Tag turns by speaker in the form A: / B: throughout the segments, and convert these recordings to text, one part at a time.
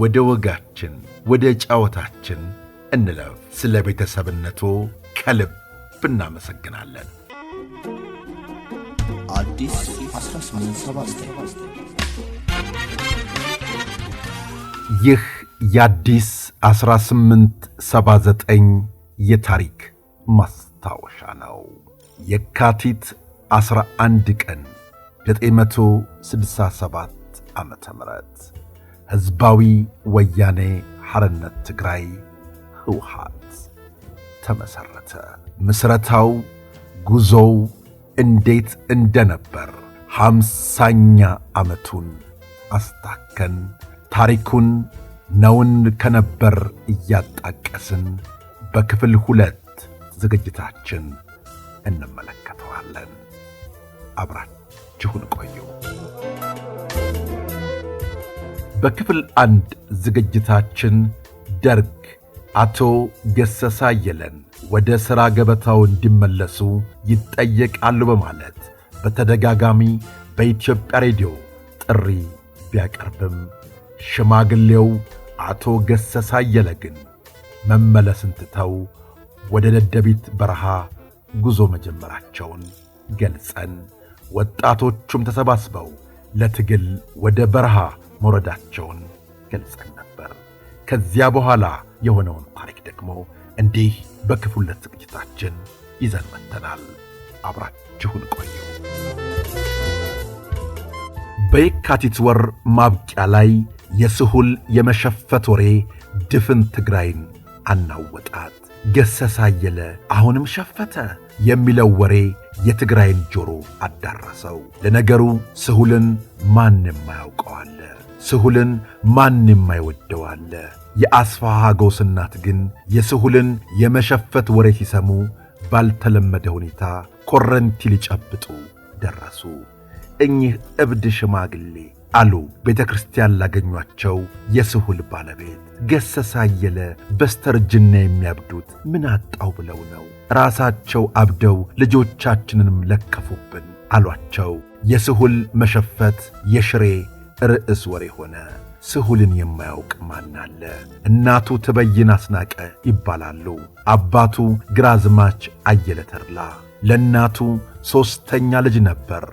A: ወደ ወጋችን ወደ ጫወታችን እንለፍ። ስለ ቤተሰብነቱ ከልብ እናመሰግናለን። ይህ የአዲስ 1879 የታሪክ ማስታወሻ ነው። የካቲት 11 ቀን 967 ዓ ም ህዝባዊ ወያኔ ሐርነት ትግራይ ህውሃት ተመሠረተ። ምስረታው ጉዞው እንዴት እንደነበር ሃምሳኛ ዓመቱን አስታከን ታሪኩን ነውን ከነበር እያጣቀስን በክፍል ሁለት ዝግጅታችን እንመለከተዋለን። አብራችሁን ቆዩ። በክፍል አንድ ዝግጅታችን ደርግ አቶ ገሰሳ የለን ወደ ሥራ ገበታው እንዲመለሱ ይጠየቃሉ በማለት በተደጋጋሚ በኢትዮጵያ ሬዲዮ ጥሪ ቢያቀርብም ሽማግሌው አቶ ገሰሳ የለ ግን መመለስን ትተው ወደ ደደቢት በረሃ ጉዞ መጀመራቸውን ገልጸን ወጣቶቹም ተሰባስበው ለትግል ወደ በረሃ መውረዳቸውን ገልጸን ነበር። ከዚያ በኋላ የሆነውን ታሪክ ደግሞ እንዲህ በክፉለት ዝግጅታችን ይዘን መጥተናል። አብራችሁን ቆዩ። በየካቲት ወር ማብቂያ ላይ የስሁል የመሸፈት ወሬ ድፍን ትግራይን አናወጣት። ገሰሳ አየለ አሁንም ሸፈተ የሚለው ወሬ የትግራይን ጆሮ አዳረሰው። ለነገሩ ስሁልን ማንም አያውቀዋል። ስሁልን ማንም አይወደው አለ። የአስፋሃጎስ እናት ግን የስሁልን የመሸፈት ወሬ ሲሰሙ ባልተለመደ ሁኔታ ኮረንቲ ሊጨብጡ ደረሱ። እኚህ እብድ ሽማግሌ አሉ ቤተ ክርስቲያን ላገኟቸው የስሁል ባለቤት ገሰሳ አየለ በስተርጅና የሚያብዱት ምን አጣው ብለው ነው ራሳቸው አብደው ልጆቻችንንም ለከፉብን አሏቸው። የስሁል መሸፈት የሽሬ ርዕስ ወሬ ሆነ። ስሁልን የማያውቅ ማን አለ? እናቱ ትበይን አስናቀ ይባላሉ። አባቱ ግራዝማች አየለ ተድላ። ለእናቱ ሦስተኛ ልጅ ነበር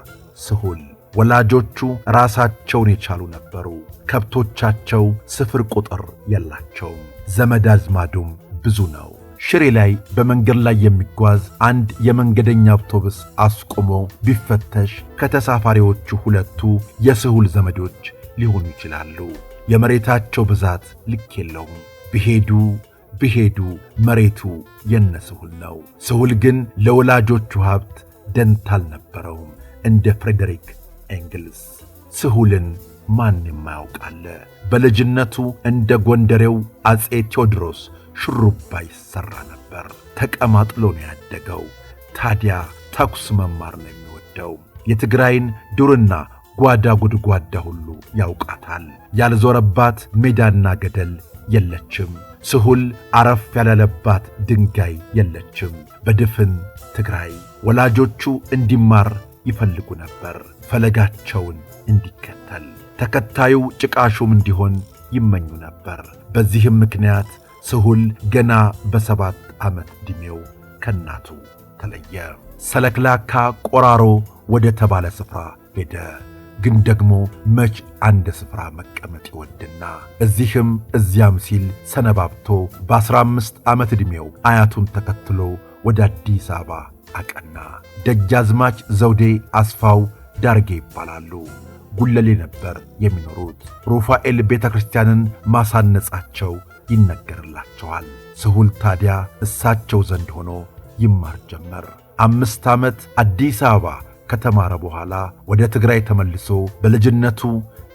A: ስሁል። ወላጆቹ ራሳቸውን የቻሉ ነበሩ። ከብቶቻቸው ስፍር ቁጥር የላቸውም። ዘመድ አዝማዱም ብዙ ነው። ሽሬ ላይ በመንገድ ላይ የሚጓዝ አንድ የመንገደኛ አውቶቡስ አስቆሞ ቢፈተሽ ከተሳፋሪዎቹ ሁለቱ የስሁል ዘመዶች ሊሆኑ ይችላሉ። የመሬታቸው ብዛት ልክ የለውም። ቢሄዱ ቢሄዱ መሬቱ የነ ስሁል ነው። ስሁል ግን ለወላጆቹ ሀብት ደንታ አልነበረውም። እንደ ፍሬደሪክ ኤንግልስ ስሁልን ማን የማያውቃለ? በልጅነቱ እንደ ጎንደሬው አፄ ቴዎድሮስ ሹሩባ ይሰራ ነበር። ተቀማጥሎ ነው ያደገው። ታዲያ ተኩስ መማር ነው የሚወደው። የትግራይን ዱርና ጓዳ ጉድጓዳ ሁሉ ያውቃታል። ያልዞረባት ሜዳና ገደል የለችም። ስሁል አረፍ ያላለባት ድንጋይ የለችም። በድፍን ትግራይ ወላጆቹ እንዲማር ይፈልጉ ነበር፣ ፈለጋቸውን እንዲከተል ተከታዩ ጭቃሹም እንዲሆን ይመኙ ነበር። በዚህም ምክንያት ስሁል ገና በሰባት ዓመት ዕድሜው ከእናቱ ተለየ። ሰለክላካ ቆራሮ ወደ ተባለ ስፍራ ሄደ። ግን ደግሞ መች አንድ ስፍራ መቀመጥ ይወድና እዚህም እዚያም ሲል ሰነባብቶ በአሥራ አምስት ዓመት ዕድሜው አያቱን ተከትሎ ወደ አዲስ አበባ አቀና። ደጃዝማች ዘውዴ አስፋው ዳርጌ ይባላሉ። ጉለሌ ነበር የሚኖሩት። ሩፋኤል ቤተ ክርስቲያንን ማሳነጻቸው ይነገርላቸዋል። ስሁል ታዲያ እሳቸው ዘንድ ሆኖ ይማር ጀመር። አምስት ዓመት አዲስ አበባ ከተማረ በኋላ ወደ ትግራይ ተመልሶ በልጅነቱ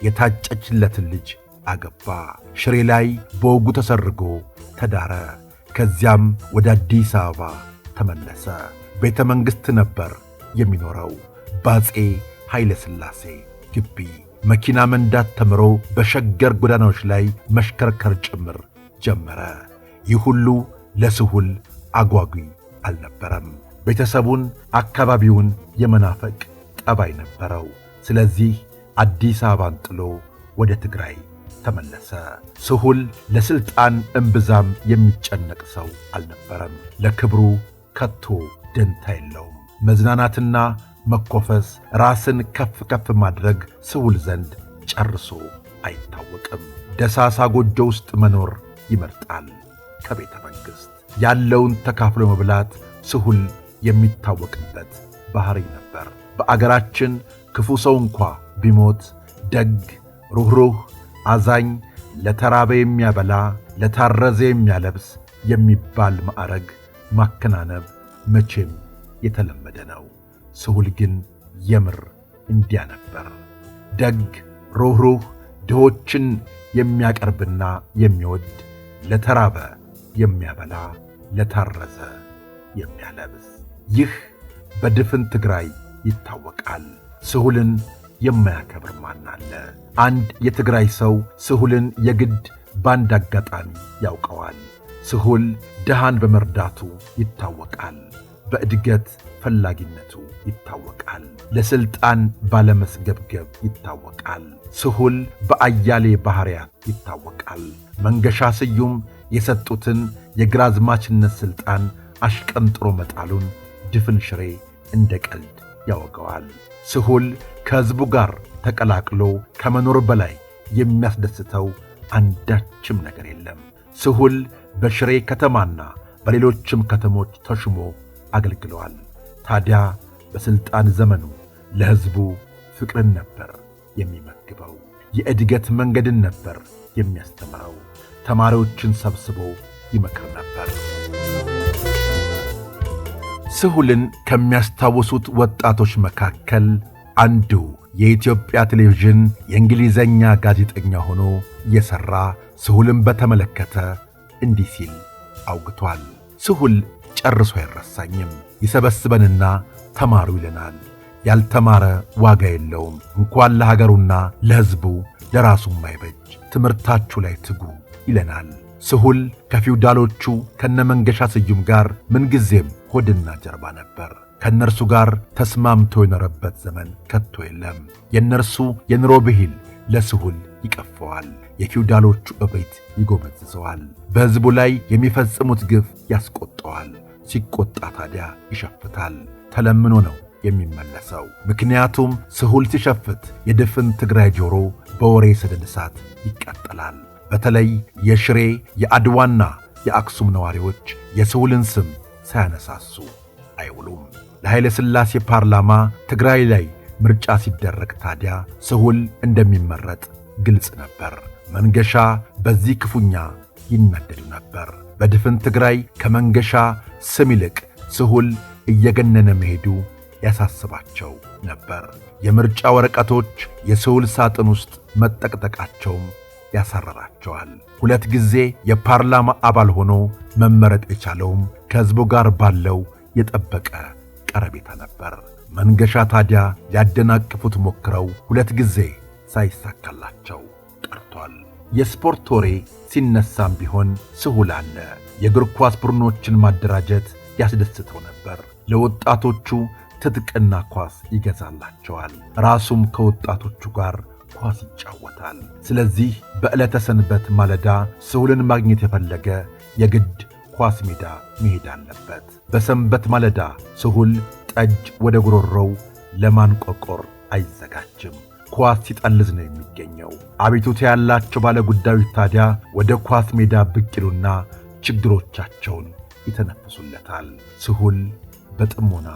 A: የታጨችለትን ልጅ አገባ። ሽሬ ላይ በወጉ ተሰርጎ ተዳረ። ከዚያም ወደ አዲስ አበባ ተመለሰ። ቤተ መንግሥት ነበር የሚኖረው ባጼ ኃይለ ሥላሴ ግቢ። መኪና መንዳት ተምሮ በሸገር ጎዳናዎች ላይ መሽከርከር ጭምር ጀመረ። ይህ ሁሉ ለስሁል አጓጊ አልነበረም። ቤተሰቡን፣ አካባቢውን የመናፈቅ ጠባይ ነበረው። ስለዚህ አዲስ አበባን ጥሎ ወደ ትግራይ ተመለሰ። ስሁል ለስልጣን እምብዛም የሚጨነቅ ሰው አልነበረም። ለክብሩ ከቶ ደንታ የለውም። መዝናናትና መኮፈስ፣ ራስን ከፍ ከፍ ማድረግ ስሁል ዘንድ ጨርሶ አይታወቅም። ደሳሳ ጎጆ ውስጥ መኖር ይመርጣል። ከቤተ መንግሥት ያለውን ተካፍሎ መብላት ስሁል የሚታወቅበት ባሕሪ ነበር። በአገራችን ክፉ ሰው እንኳ ቢሞት ደግ፣ ሩኅሩኅ፣ አዛኝ፣ ለተራበ የሚያበላ ለታረዘ የሚያለብስ የሚባል ማዕረግ ማከናነብ መቼም የተለመደ ነው። ስሁል ግን የምር እንዲያ ነበር። ደግ፣ ሩኅሩኅ፣ ድሆችን የሚያቀርብና የሚወድ ለተራበ የሚያበላ ለታረዘ የሚያለብስ። ይህ በድፍን ትግራይ ይታወቃል። ስሁልን የማያከብር ማን አለ? አንድ የትግራይ ሰው ስሁልን የግድ በአንድ አጋጣሚ ያውቀዋል። ስሁል ድሃን በመርዳቱ ይታወቃል። በእድገት ፈላጊነቱ ይታወቃል። ለስልጣን ባለመስገብገብ ይታወቃል። ስሁል በአያሌ ባሕርያት ይታወቃል። መንገሻ ስዩም የሰጡትን የግራዝማችነት ሥልጣን አሽቀንጥሮ መጣሉን ድፍን ሽሬ እንደ ቀልድ ያወገዋል። ስሁል ከሕዝቡ ጋር ተቀላቅሎ ከመኖር በላይ የሚያስደስተው አንዳችም ነገር የለም። ስሁል በሽሬ ከተማና በሌሎችም ከተሞች ተሹሞ አገልግለዋል። ታዲያ በሥልጣን ዘመኑ ለሕዝቡ ፍቅርን ነበር የሚመግበው፣ የእድገት መንገድን ነበር የሚያስተምረው። ተማሪዎችን ሰብስቦ ይመክር ነበር። ስሁልን ከሚያስታውሱት ወጣቶች መካከል አንዱ የኢትዮጵያ ቴሌቪዥን የእንግሊዘኛ ጋዜጠኛ ሆኖ የሠራ ስሁልን በተመለከተ እንዲህ ሲል አውግቷል። ስሁል ጨርሶ አይረሳኝም። ይሰበስበንና ተማሩ ይለናል። ያልተማረ ዋጋ የለውም። እንኳን ለሀገሩና ለሕዝቡ ለራሱም አይበጅ። ትምህርታችሁ ላይ ትጉ ይለናል። ስሁል ከፊውዳሎቹ ከነመንገሻ ስዩም ጋር ምንጊዜም ሆድና ጀርባ ነበር። ከእነርሱ ጋር ተስማምቶ የኖረበት ዘመን ከቶ የለም። የእነርሱ የኑሮ ብሂል ለስሁል ይቀፈዋል፣ የፊውዳሎቹ እብሪት ይጎመዝዘዋል፣ በሕዝቡ ላይ የሚፈጽሙት ግፍ ያስቆጠዋል። ሲቆጣ ታዲያ ይሸፍታል። ተለምኖ ነው የሚመለሰው። ምክንያቱም ስሁል ሲሸፍት የድፍን ትግራይ ጆሮ በወሬ ስድል እሳት ይቃጠላል። በተለይ የሽሬ የአድዋና የአክሱም ነዋሪዎች የስሁልን ስም ሳያነሳሱ አይውሉም። ለኃይለ ሥላሴ ፓርላማ ትግራይ ላይ ምርጫ ሲደረግ ታዲያ ስሁል እንደሚመረጥ ግልጽ ነበር። መንገሻ በዚህ ክፉኛ ይናደዱ ነበር። በድፍን ትግራይ ከመንገሻ ስም ይልቅ ስሁል እየገነነ መሄዱ ያሳስባቸው ነበር። የምርጫ ወረቀቶች የስሁል ሳጥን ውስጥ መጠቅጠቃቸውም ያሳረራቸዋል። ሁለት ጊዜ የፓርላማ አባል ሆኖ መመረጥ የቻለውም ከሕዝቡ ጋር ባለው የጠበቀ ቀረቤታ ነበር። መንገሻ ታዲያ ሊያደናቅፉት ሞክረው ሁለት ጊዜ ሳይሳካላቸው ቀርቷል። የስፖርት ወሬ ሲነሳም ቢሆን ስሁል አለ። የእግር ኳስ ቡድኖችን ማደራጀት ያስደስተው ነበር። ለወጣቶቹ ትጥቅና ኳስ ይገዛላቸዋል። ራሱም ከወጣቶቹ ጋር ኳስ ይጫወታል። ስለዚህ በዕለተ ሰንበት ማለዳ ስሁልን ማግኘት የፈለገ የግድ ኳስ ሜዳ መሄድ አለበት። በሰንበት ማለዳ ስሁል ጠጅ ወደ ጉሮሮው ለማንቆቆር አይዘጋጅም። ኳስ ሲጠልዝ ነው የሚገኘው። አቤቱታ ያላቸው ባለ ጉዳዮች ታዲያ ወደ ኳስ ሜዳ ብቅ ይሉና ችግሮቻቸውን ይተነፍሱለታል። ስሁል በጥሞና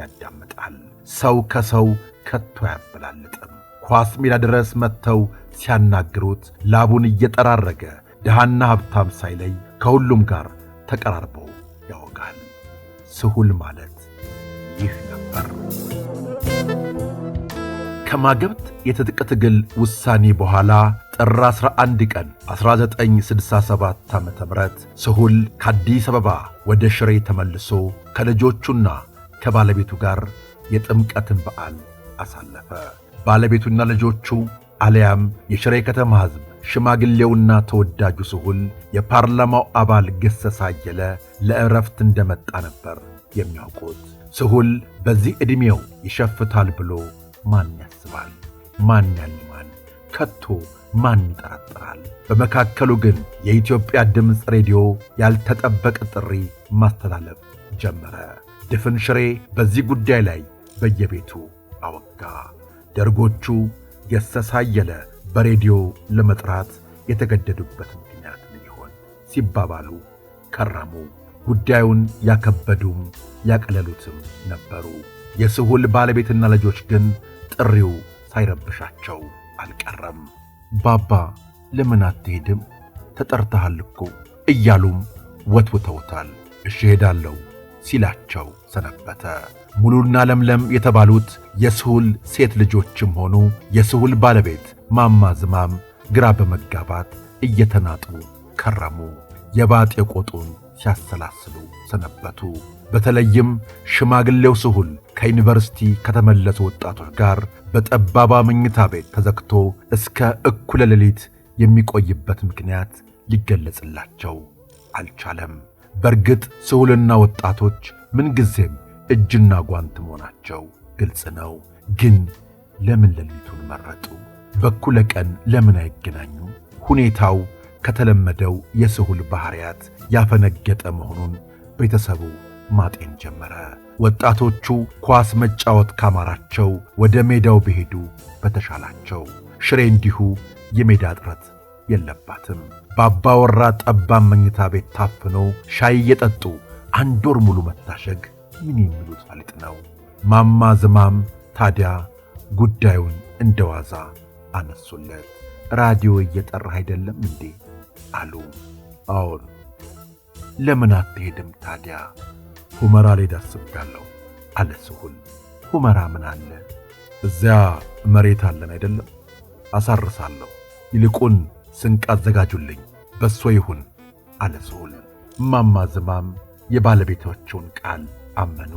A: ያዳምጣል። ሰው ከሰው ከቶ አያበላልጥም። ኳስ ሜዳ ድረስ መጥተው ሲያናግሩት ላቡን እየጠራረገ ድሃና ሀብታም ሳይለይ ከሁሉም ጋር ተቀራርበው ያወጋል። ስሁል ማለት ይህ ነበር። ከማግብት የትጥቅ ትግል ውሳኔ በኋላ ጥር 11 ቀን 1967 ዓ ም ስሁል ከአዲስ አበባ ወደ ሽሬ ተመልሶ ከልጆቹና ከባለቤቱ ጋር የጥምቀትን በዓል አሳለፈ። ባለቤቱና ልጆቹ አሊያም የሽሬ ከተማ ሕዝብ ሽማግሌውና ተወዳጁ ስሁል የፓርላማው አባል ገሰሳ አየለ ለዕረፍት እንደመጣ ነበር የሚያውቁት። ስሁል በዚህ ዕድሜው ይሸፍታል ብሎ ማን ያስባል? ማን ያልማል? ከቶ ማን ይጠረጥራል? በመካከሉ ግን የኢትዮጵያ ድምፅ ሬዲዮ ያልተጠበቀ ጥሪ ማስተላለፍ ጀመረ። ድፍን ሽሬ በዚህ ጉዳይ ላይ በየቤቱ አወጋ። ደርጎቹ የሰሳየለ በሬዲዮ ለመጥራት የተገደዱበት ምክንያት ምን ይሆን ሲባባሉ ከረሙ። ጉዳዩን ያከበዱም ያቀለሉትም ነበሩ። የስሁል ባለቤትና ልጆች ግን ጥሪው ሳይረብሻቸው አልቀረም። ባባ ለምን አትሄድም? ተጠርተሃል እኮ እያሉም ወትውተውታል። እሺ ሄዳለሁ ሲላቸው ሰነበተ። ሙሉና ለምለም የተባሉት የስሁል ሴት ልጆችም ሆኑ የስሁል ባለቤት ማማ ዝማም ግራ በመጋባት እየተናጡ ከረሙ። የባጤ ቆጡን ሲያሰላስሉ ሰነበቱ። በተለይም ሽማግሌው ስሁል ከዩኒቨርሲቲ ከተመለሱ ወጣቶች ጋር በጠባባ መኝታ ቤት ተዘግቶ እስከ እኩለ ሌሊት የሚቆይበት ምክንያት ሊገለጽላቸው አልቻለም። በእርግጥ ስሁልና ወጣቶች ምንጊዜም እጅና ጓንት መሆናቸው ግልጽ ነው። ግን ለምን ሌሊቱን መረጡ? በኩለ ቀን ለምን አይገናኙ? ሁኔታው ከተለመደው የስሁል ባህሪያት ያፈነገጠ መሆኑን ቤተሰቡ ማጤን ጀመረ። ወጣቶቹ ኳስ መጫወት ካማራቸው ወደ ሜዳው ቢሄዱ በተሻላቸው። ሽሬ እንዲሁ የሜዳ እጥረት የለባትም። በአባወራ ጠባብ መኝታ ቤት ታፍኖ ሻይ እየጠጡ አንድ ወር ሙሉ መታሸግ ምን የሚሉት ፈሊጥ ነው? ማማ ዝማም ታዲያ ጉዳዩን እንደ ዋዛ አነሱለት። ራዲዮ እየጠራህ አይደለም እንዴ አሉ። አዎን። ለምን አትሄድም ታዲያ ሁመራ ላይ ደርስብያለሁ አለች ስሁል። ሁመራ ምን አለ? እዚያ መሬት አለን አይደለም? አሳርሳለሁ። ይልቁን ስንቅ አዘጋጁልኝ፣ በሶ ይሁን አለ ስሁል። እማማ ዝማም የባለቤታቸውን ቃል አመኑ።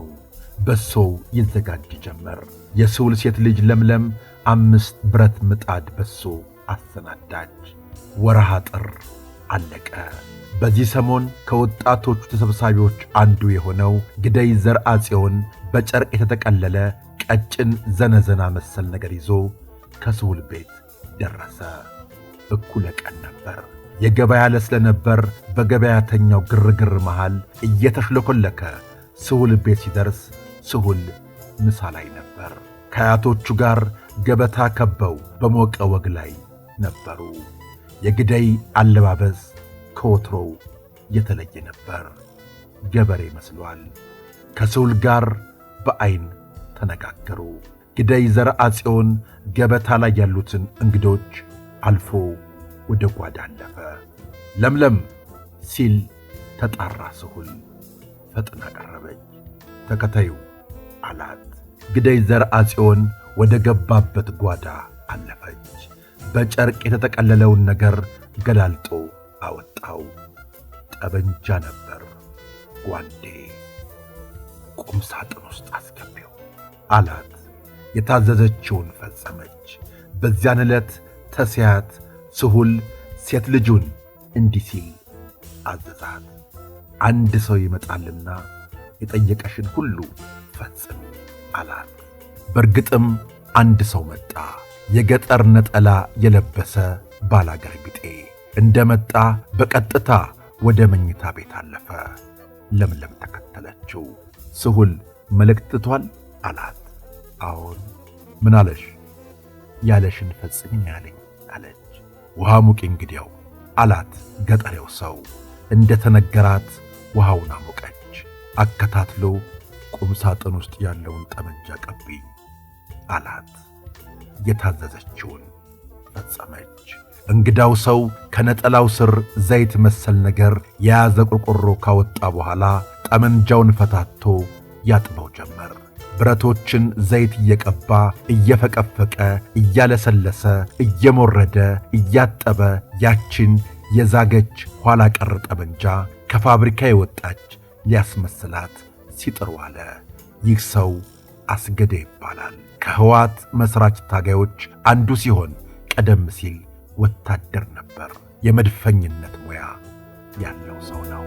A: በሶው ይዘጋጅ ጀመር። የስሁል ሴት ልጅ ለምለም አምስት ብረት ምጣድ በሶ አሰናዳች። ወረሃ ጥር አለቀ። በዚህ ሰሞን ከወጣቶቹ ተሰብሳቢዎች አንዱ የሆነው ግደይ ዘርአጽዮን በጨርቅ የተጠቀለለ ቀጭን ዘነዘና መሰል ነገር ይዞ ከስሁል ቤት ደረሰ። እኩለ ቀን ነበር። የገበያ ዕለት ስለነበር በገበያተኛው ግርግር መሃል እየተሽለኮለከ ስውል ቤት ሲደርስ ስሁል ምሳ ላይ ነበር። ከአያቶቹ ጋር ገበታ ከበው በሞቀ ወግ ላይ ነበሩ። የግደይ አለባበስ ከወትሮው የተለየ ነበር። ገበሬ መስሏል። ከስውል ጋር በዐይን ተነጋገሩ። ግዳይ ዘርአ ጽዮን ገበታ ላይ ያሉትን እንግዶች አልፎ ወደ ጓዳ አለፈ። ለምለም ሲል ተጣራ። ስሁል ፈጥና ቀረበች። ተከታዩ አላት። ግዳይ ዘርአ ጽዮን ወደ ገባበት ጓዳ አለፈች። በጨርቅ የተጠቀለለውን ነገር ገላልጦ አወጣው። ጠበንጃ ነበር ጓንዴ። ቁም ሳጥን ውስጥ አስገቢው አላት። የታዘዘችውን ፈጸመች። በዚያን ዕለት ተስያት ስሁል ሴት ልጁን እንዲህ ሲል አዘዛት። አንድ ሰው ይመጣልና የጠየቀሽን ሁሉ ፈጽም አላት። በእርግጥም አንድ ሰው መጣ። የገጠር ነጠላ የለበሰ ባላገር ቢጤ እንደመጣ በቀጥታ ወደ መኝታ ቤት አለፈ። ለምለም ተከተለችው። ስሁል መልእክት ትቷል አላት። አሁን ምን አለሽ? ያለሽን ፈጽም አለኝ አለች። ውሃ ሙቂ እንግዲያው አላት ገጠሬው ሰው። እንደ ተነገራት ውሃውን አሞቀች። አከታትሎ ቁም ሳጥን ውስጥ ያለውን ጠመንጃ ቀብኝ አላት። የታዘዘችውን ፈጸመች። እንግዳው ሰው ከነጠላው ስር ዘይት መሰል ነገር የያዘ ቆርቆሮ ካወጣ በኋላ ጠመንጃውን ፈታቶ ያጥበው ጀመር። ብረቶችን ዘይት እየቀባ እየፈቀፈቀ እያለሰለሰ እየሞረደ እያጠበ ያችን የዛገች ኋላ ቀር ጠመንጃ ከፋብሪካ የወጣች ሊያስመስላት ሲጥሩ አለ። ይህ ሰው አስገደ ይባላል። ከህዋት መሥራች ታጋዮች አንዱ ሲሆን ቀደም ሲል ወታደር ነበር። የመድፈኝነት ሙያ ያለው ሰው ነው።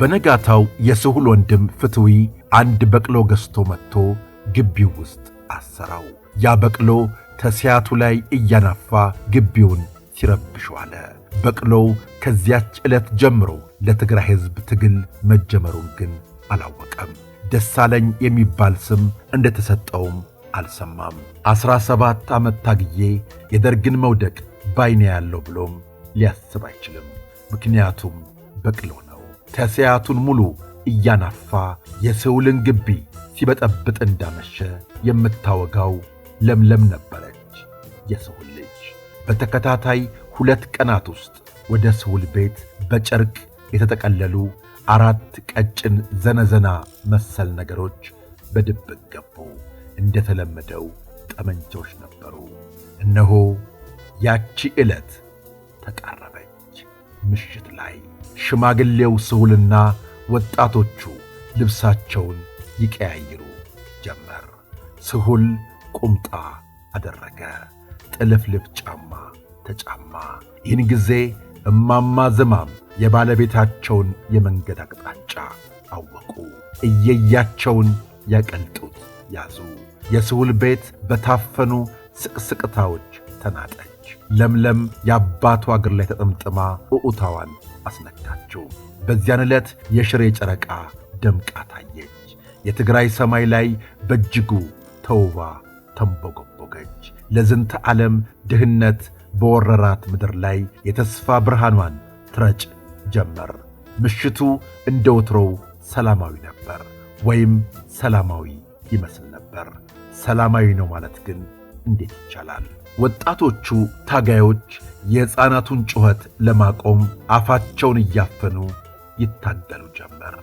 A: በነጋታው የስሁል ወንድም ፍትዊ አንድ በቅሎ ገዝቶ መጥቶ ግቢው ውስጥ አሰራው። ያ በቅሎ ተስያቱ ላይ እያናፋ ግቢውን ሲረብሽ ዋለ። በቅሎው ከዚያች ዕለት ጀምሮ ለትግራይ ሕዝብ ትግል መጀመሩን ግን አላወቀም። ደሳለኝ የሚባል ስም እንደተሰጠውም አልሰማም። ዐሥራ ሰባት ዓመት ታግዬ የደርግን መውደቅ ባይኔ ያለው ብሎም ሊያስብ አይችልም። ምክንያቱም በቅሎ ነው። ተስያቱን ሙሉ እያናፋ የሰውልን ግቢ ሲበጠብጥ እንዳመሸ የምታወጋው ለምለም ነበረች። የሰው ልጅ በተከታታይ ሁለት ቀናት ውስጥ ወደ ሰውል ቤት በጨርቅ የተጠቀለሉ አራት ቀጭን ዘነዘና መሰል ነገሮች በድብቅ ገቡ። እንደተለመደው ጠመንጃዎች ነበሩ። እነሆ ያቺ ዕለት ተቃረበች። ምሽት ላይ ሽማግሌው ስሁልና ወጣቶቹ ልብሳቸውን ይቀያይሩ ጀመር። ስሁል ቁምጣ አደረገ፣ ጥልፍልፍ ጫማ ተጫማ። ይህን ጊዜ እማማ ዝማም የባለቤታቸውን የመንገድ አቅጣጫ አወቁ። እየያቸውን ያቀልጡት ያዙ። የስውል ቤት በታፈኑ ስቅስቅታዎች ተናጠች። ለምለም የአባቷ እግር ላይ ተጠምጥማ እዑታዋን አስነካችው። በዚያን ዕለት የሽሬ ጨረቃ ደምቃ ታየች። የትግራይ ሰማይ ላይ በእጅጉ ተውባ ተንቦገቦገች። ለዝንተ ዓለም ድህነት በወረራት ምድር ላይ የተስፋ ብርሃኗን ትረጭ ጀመር። ምሽቱ እንደ ወትሮው ሰላማዊ ነበር፣ ወይም ሰላማዊ ይመስል ነበር። ሰላማዊ ነው ማለት ግን እንዴት ይቻላል? ወጣቶቹ ታጋዮች የሕፃናቱን ጩኸት ለማቆም አፋቸውን እያፈኑ ይታገሉ ጀመር።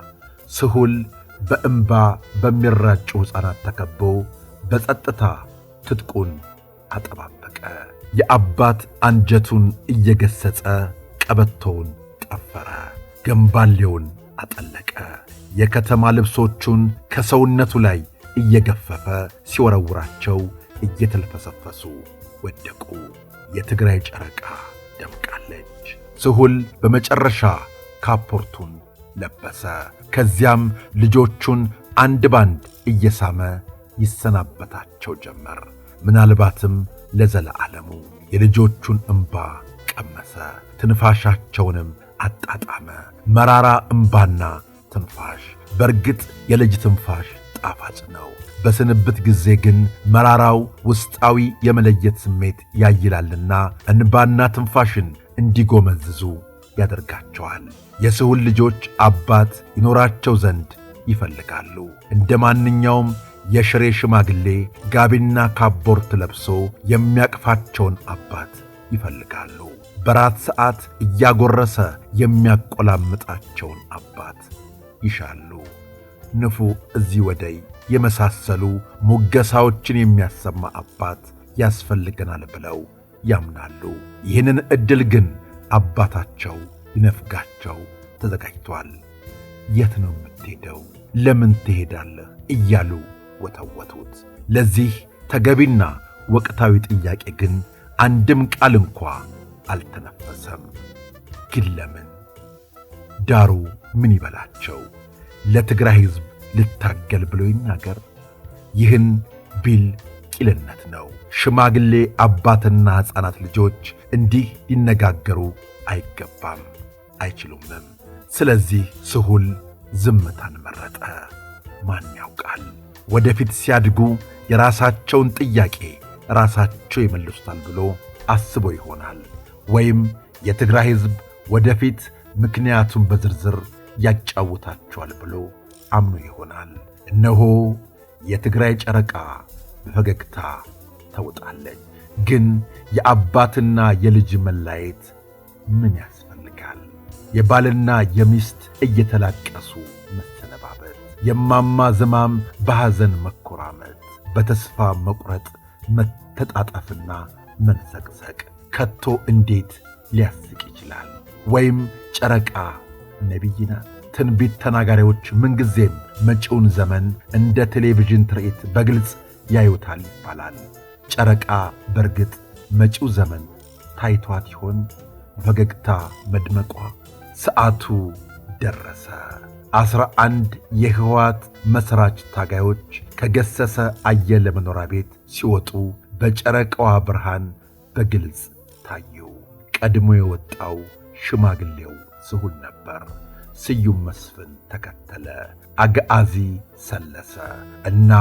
A: ስሁል በእምባ በሚራጩ ሕፃናት ተከቦ በጸጥታ ትጥቁን አጠባበቀ። የአባት አንጀቱን እየገሰጸ ቀበቶውን ጠፈረ፣ ገንባሌውን አጠለቀ። የከተማ ልብሶቹን ከሰውነቱ ላይ እየገፈፈ ሲወረውራቸው እየተልፈሰፈሱ ወደቁ። የትግራይ ጨረቃ ደምቃለች። ስሁል በመጨረሻ ካፖርቱን ለበሰ። ከዚያም ልጆቹን አንድ ባንድ እየሳመ ይሰናበታቸው ጀመር። ምናልባትም ለዘለዓለሙ የልጆቹን እምባ ቀመሰ፣ ትንፋሻቸውንም አጣጣመ። መራራ እምባና ትንፋሽ፣ በርግጥ የልጅ ትንፋሽ ጣፋጭ ነው። በስንብት ጊዜ ግን መራራው ውስጣዊ የመለየት ስሜት ያይላልና እንባና ትንፋሽን እንዲጎመዝዙ ያደርጋቸዋል። የስሁል ልጆች አባት ይኖራቸው ዘንድ ይፈልጋሉ። እንደ ማንኛውም የሽሬ ሽማግሌ ጋቢና ካቦርት ለብሶ የሚያቅፋቸውን አባት ይፈልጋሉ። በራት ሰዓት እያጎረሰ የሚያቆላምጣቸውን አባት ይሻሉ። ንፉ እዚህ ወደይ የመሳሰሉ ሙገሳዎችን የሚያሰማ አባት ያስፈልገናል ብለው ያምናሉ። ይህንን ዕድል ግን አባታቸው ሊነፍጋቸው ተዘጋጅቷል። የት ነው የምትሄደው? ለምን ትሄዳለህ? እያሉ ወተወቱት። ለዚህ ተገቢና ወቅታዊ ጥያቄ ግን አንድም ቃል እንኳ አልተነፈሰም። ግን ለምን? ዳሩ ምን ይበላቸው? ለትግራይ ህዝብ ልታገል ብሎ ይናገር? ይህን ቢል ቂልነት ነው። ሽማግሌ አባትና ሕፃናት ልጆች እንዲህ ሊነጋገሩ አይገባም፣ አይችሉምም። ስለዚህ ስሁል ዝምታን መረጠ። ማን ያውቃል ወደፊት ሲያድጉ የራሳቸውን ጥያቄ ራሳቸው ይመልሱታል ብሎ አስቦ ይሆናል። ወይም የትግራይ ሕዝብ ወደፊት ምክንያቱን በዝርዝር ያጫውታቸዋል ብሎ አምኖ ይሆናል። እነሆ የትግራይ ጨረቃ በፈገግታ ተውጣለች። ግን የአባትና የልጅ መላየት ምን ያስፈልጋል? የባልና የሚስት እየተላቀሱ መተነባበት የማማ ዝማም በሐዘን መኮራመት፣ በተስፋ መቁረጥ መተጣጠፍና መንሰቅሰቅ ከቶ እንዴት ሊያስቅ ይችላል? ወይም ጨረቃ ነቢይ ናት። ትንቢት ተናጋሪዎች ምንጊዜም መጪውን ዘመን እንደ ቴሌቪዥን ትርኢት በግልጽ ያዩታል ይባላል። ጨረቃ በርግጥ መጪው ዘመን ታይቷት ይሆን? ፈገግታ መድመቋ ሰዓቱ ደረሰ። ዐሥራ አንድ የሕወሓት መሥራች ታጋዮች ከገሰሰ አየለ መኖሪያ ቤት ሲወጡ በጨረቃዋ ብርሃን በግልጽ ታየው ቀድሞ የወጣው ሽማግሌው ስሁል ነበር። ስዩም መስፍን ተከተለ፣ አግአዚ ሰለሰ እና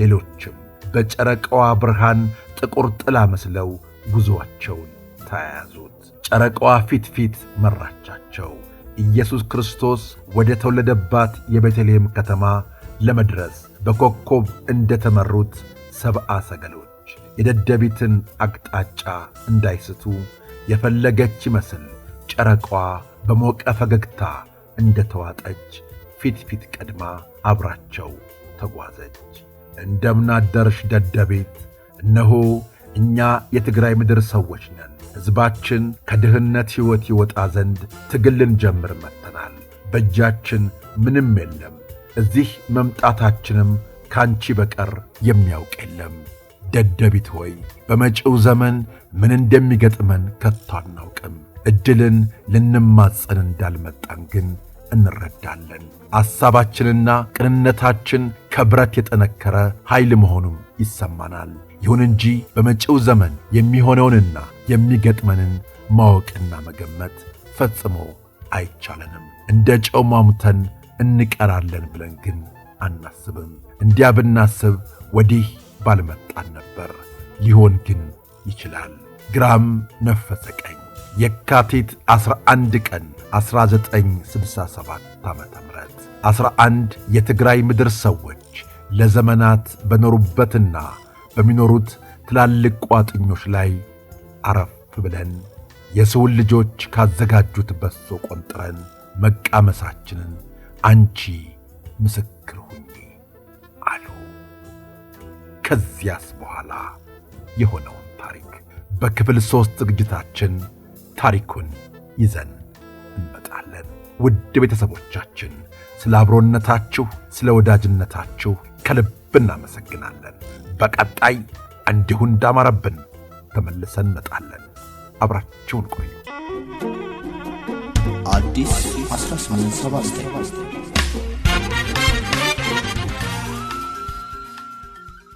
A: ሌሎችም በጨረቃዋ ብርሃን ጥቁር ጥላ መስለው ጉዞአቸውን ተያያዙት። ጨረቃዋ ፊት ፊት መራቻቸው። ኢየሱስ ክርስቶስ ወደ ተወለደባት የቤተልሔም ከተማ ለመድረስ በኮከብ እንደተመሩት ሰብአ ሰገሎች የደደቢትን አቅጣጫ እንዳይስቱ የፈለገች ይመስል ጨረቋ በሞቀ ፈገግታ እንደ ተዋጠች ፊት ፊት ቀድማ አብራቸው ተጓዘች። እንደምናደርሽ ደደቤት፣ እነሆ እኛ የትግራይ ምድር ሰዎች ነን። ሕዝባችን ከድህነት ሕይወት ይወጣ ዘንድ ትግል ልንጀምር መጥተናል። በእጃችን ምንም የለም። እዚህ መምጣታችንም ካንቺ በቀር የሚያውቅ የለም ደደቢት ሆይ በመጪው ዘመን ምን እንደሚገጥመን ከቶ አናውቅም። ዕድልን ልንማጸን እንዳልመጣን ግን እንረዳለን። ሐሳባችንና ቅንነታችን ከብረት የጠነከረ ኃይል መሆኑም ይሰማናል። ይሁን እንጂ በመጪው ዘመን የሚሆነውንና የሚገጥመንን ማወቅና መገመት ፈጽሞ አይቻለንም። እንደ ጨው ሟሙተን እንቀራለን ብለን ግን አናስብም። እንዲያ ብናስብ ወዲህ ባልመጣን ነበር። ሊሆን ግን ይችላል። ግራም ነፈሰ ቀኝ የካቲት 11 ቀን 1967 ዓ.ም 11 የትግራይ ምድር ሰዎች ለዘመናት በኖሩበትና በሚኖሩት ትላልቅ ቋጥኞች ላይ አረፍ ብለን የሰውን ልጆች ካዘጋጁት በሶ ቆንጥረን መቃመሳችንን አንቺ ምስክር ሁኝ። ከዚያስ በኋላ የሆነውን ታሪክ በክፍል ሦስት ዝግጅታችን ታሪኩን ይዘን እንመጣለን። ውድ ቤተሰቦቻችን ስለ አብሮነታችሁ፣ ስለ ወዳጅነታችሁ ከልብ እናመሰግናለን። በቀጣይ እንዲሁ እንዳማረብን ተመልሰን እንመጣለን። አብራችሁን ቆዩ። አዲስ 1879